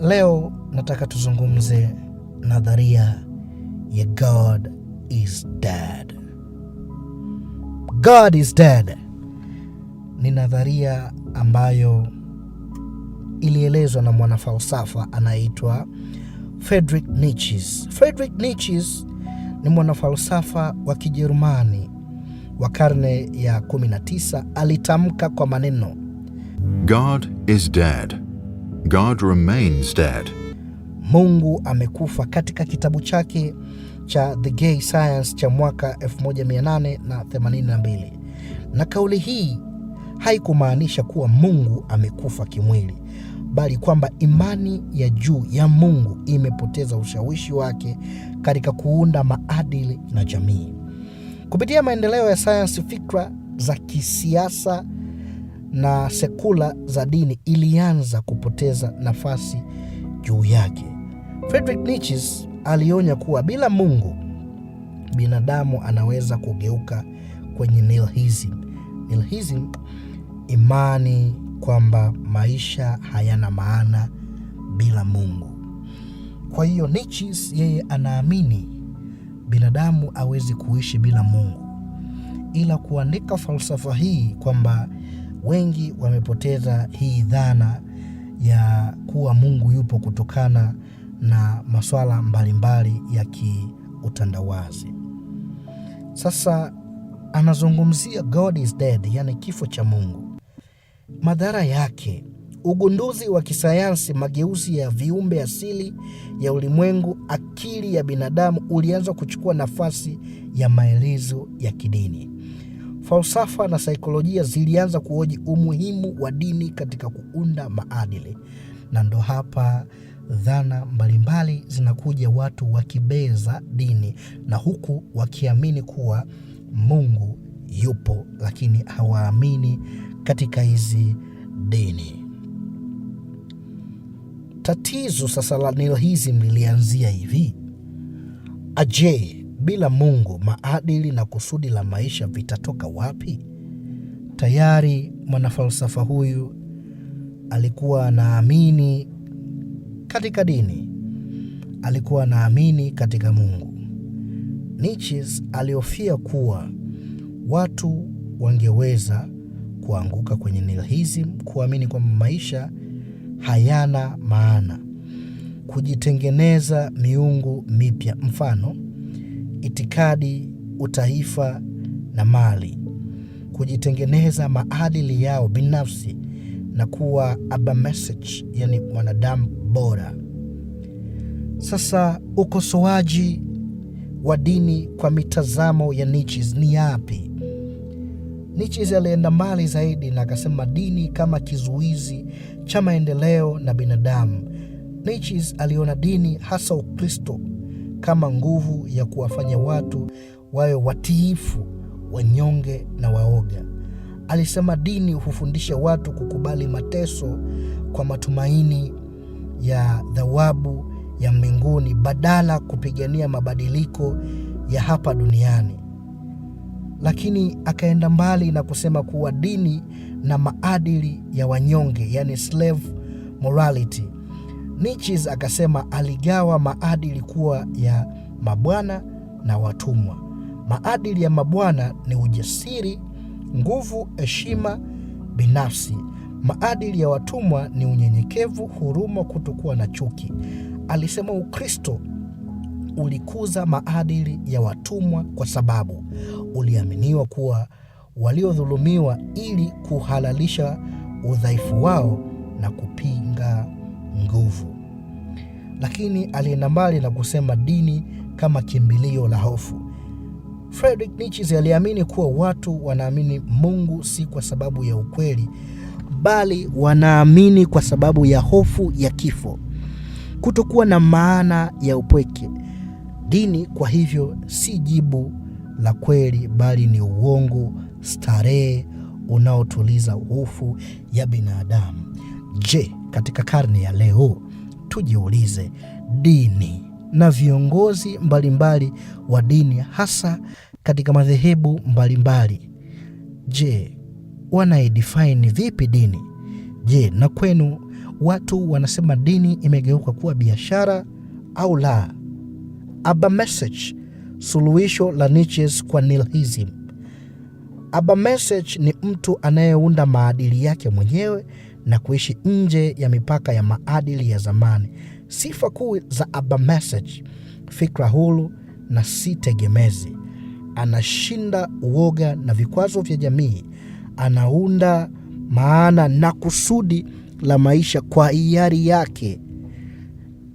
Leo nataka tuzungumze nadharia ya God is dead. God is dead ni nadharia ambayo ilielezwa na mwanafalsafa anayeitwa Friedrich Nietzsche. Friedrich Nietzsche ni mwanafalsafa wa Kijerumani wa karne ya 19, alitamka kwa maneno God is dead. God remains dead. Mungu amekufa katika kitabu chake cha The Gay Science cha mwaka 1882. Na kauli hii haikumaanisha kuwa Mungu amekufa kimwili, bali kwamba imani ya juu ya Mungu imepoteza ushawishi wake katika kuunda maadili na jamii. Kupitia maendeleo ya sayansi, fikra za kisiasa na sekula za dini ilianza kupoteza nafasi juu yake. Friedrich Nietzsche alionya kuwa bila Mungu binadamu anaweza kugeuka kwenye nihilism. Nihilism, imani kwamba maisha hayana maana bila Mungu. Kwa hiyo Nietzsche yeye anaamini binadamu awezi kuishi bila Mungu, ila kuandika falsafa hii kwamba wengi wamepoteza hii dhana ya kuwa Mungu yupo kutokana na masuala mbalimbali ya kiutandawazi. Sasa anazungumzia God is dead, yani kifo cha Mungu, madhara yake ugunduzi wa kisayansi, mageuzi ya viumbe asili ya ulimwengu, akili ya binadamu ulianza kuchukua nafasi ya maelezo ya kidini falsafa na saikolojia zilianza kuhoji umuhimu wa dini katika kuunda maadili, na ndo hapa dhana mbalimbali zinakuja, watu wakibeza dini na huku wakiamini kuwa Mungu yupo, lakini hawaamini katika hizi dini. Tatizo sasa la hizi lilianzia hivi aje bila Mungu, maadili na kusudi la maisha vitatoka wapi? Tayari mwanafalsafa huyu alikuwa anaamini katika dini, alikuwa anaamini katika Mungu. Nietzsche alihofia kuwa watu wangeweza kuanguka kwenye nihilism, kuamini kwamba maisha hayana maana, kujitengeneza miungu mipya, mfano itikadi, utaifa na mali, kujitengeneza maadili yao binafsi na kuwa aba message, yani mwanadamu bora. Sasa ukosoaji wa dini kwa mitazamo ya Nietzsche ni yapi? Nietzsche alienda mbali zaidi na akasema dini kama kizuizi cha maendeleo na binadamu. Nietzsche aliona dini hasa Ukristo kama nguvu ya kuwafanya watu wawe watiifu, wanyonge na waoga. Alisema dini hufundisha watu kukubali mateso kwa matumaini ya thawabu ya mbinguni badala kupigania mabadiliko ya hapa duniani. Lakini akaenda mbali na kusema kuwa dini na maadili ya wanyonge, yani slave morality, Nietzsche akasema aligawa maadili kuwa ya mabwana na watumwa. Maadili ya mabwana ni ujasiri, nguvu, heshima binafsi. Maadili ya watumwa ni unyenyekevu, huruma, kutokuwa na chuki. Alisema Ukristo ulikuza maadili ya watumwa kwa sababu uliaminiwa kuwa waliodhulumiwa ili kuhalalisha udhaifu wao na kupinga nguvu. Lakini alienda mbali na kusema dini kama kimbilio la hofu. Friedrich Nietzsche aliamini kuwa watu wanaamini Mungu si kwa sababu ya ukweli, bali wanaamini kwa sababu ya hofu ya kifo, kutokuwa na maana ya upweke. Dini kwa hivyo si jibu la kweli, bali ni uongo starehe unaotuliza hofu ya binadamu. Je, katika karne ya leo tujiulize, dini na viongozi mbalimbali wa dini hasa katika madhehebu mbalimbali, je, wanaidifaini vipi dini? Je, na kwenu watu wanasema dini imegeuka kuwa biashara au la? Aba suluhisho la Nietzsche kwa nihilism. Aba ni mtu anayeunda maadili yake mwenyewe na kuishi nje ya mipaka ya maadili ya zamani. Sifa kuu za Habermas: fikra huru na si tegemezi, anashinda uoga na vikwazo vya jamii, anaunda maana na kusudi la maisha kwa hiari yake.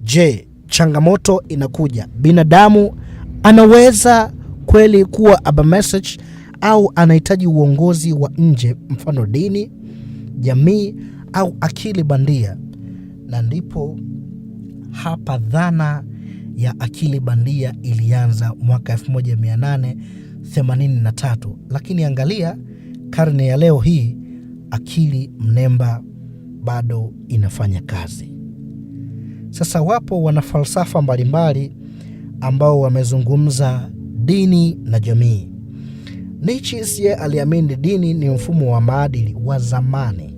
Je, changamoto inakuja, binadamu anaweza kweli kuwa Habermas au anahitaji uongozi wa nje, mfano dini, jamii au akili bandia, na ndipo hapa dhana ya akili bandia ilianza mwaka 1883. Lakini angalia karne ya leo hii, akili mnemba bado inafanya kazi. Sasa wapo wanafalsafa mbalimbali ambao wamezungumza dini na jamii. Nietzsche aliamini dini ni mfumo wa maadili wa zamani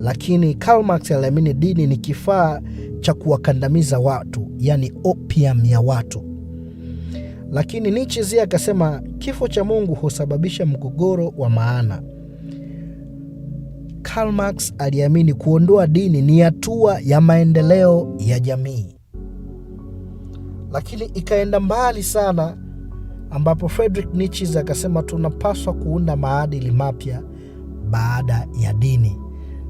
lakini Karl Marx aliamini dini ni kifaa cha kuwakandamiza watu, yani opium ya watu. Lakini Nietzsche zia akasema kifo cha Mungu husababisha mgogoro wa maana. Karl Marx aliamini kuondoa dini ni hatua ya maendeleo ya jamii, lakini ikaenda mbali sana, ambapo Friedrich Nietzsche akasema tunapaswa kuunda maadili mapya baada ya dini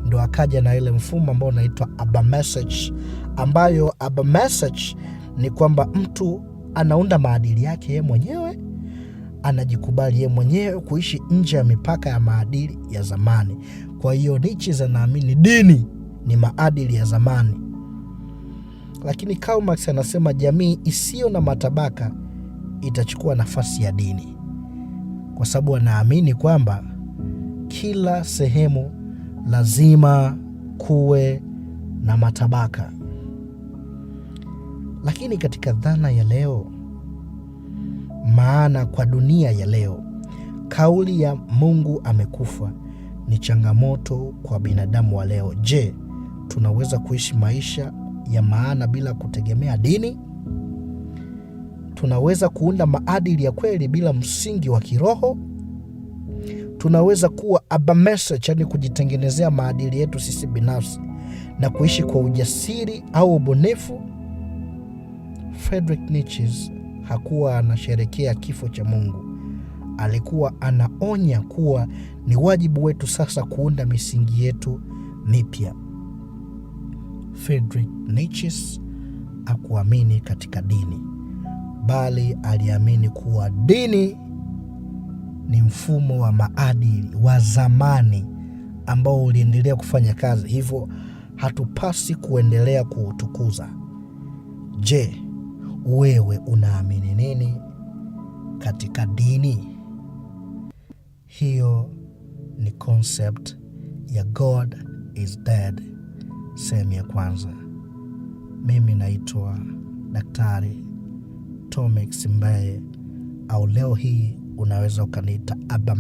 ndo akaja na ile mfumo ambao unaitwa message, ambayo message ni kwamba mtu anaunda maadili yake yeye mwenyewe, anajikubali yeye mwenyewe, kuishi nje ya mipaka ya maadili ya zamani. Kwa hiyo Nietzsche anaamini dini ni maadili ya zamani, lakini Karl Marx anasema jamii isiyo na matabaka itachukua nafasi ya dini, kwa sababu anaamini kwamba kila sehemu lazima kuwe na matabaka. Lakini katika dhana ya leo, maana kwa dunia ya leo, kauli ya Mungu amekufa ni changamoto kwa binadamu wa leo. Je, tunaweza kuishi maisha ya maana bila kutegemea dini? Tunaweza kuunda maadili ya kweli bila msingi wa kiroho? tunaweza kuwa abamesech, yaani kujitengenezea maadili yetu sisi binafsi na kuishi kwa ujasiri au ubunifu. Friedrich Nietzsche hakuwa anasherekea kifo cha Mungu, alikuwa anaonya kuwa ni wajibu wetu sasa kuunda misingi yetu mipya. Friedrich Nietzsche akuamini katika dini, bali aliamini kuwa dini ni mfumo wa maadili wa zamani ambao uliendelea kufanya kazi, hivyo hatupasi kuendelea kuutukuza. Je, wewe unaamini nini katika dini? Hiyo ni concept ya God is dead, sehemu ya kwanza. Mimi naitwa Daktari Tomex Mbaye, au leo hii unaweza ukaniita Aba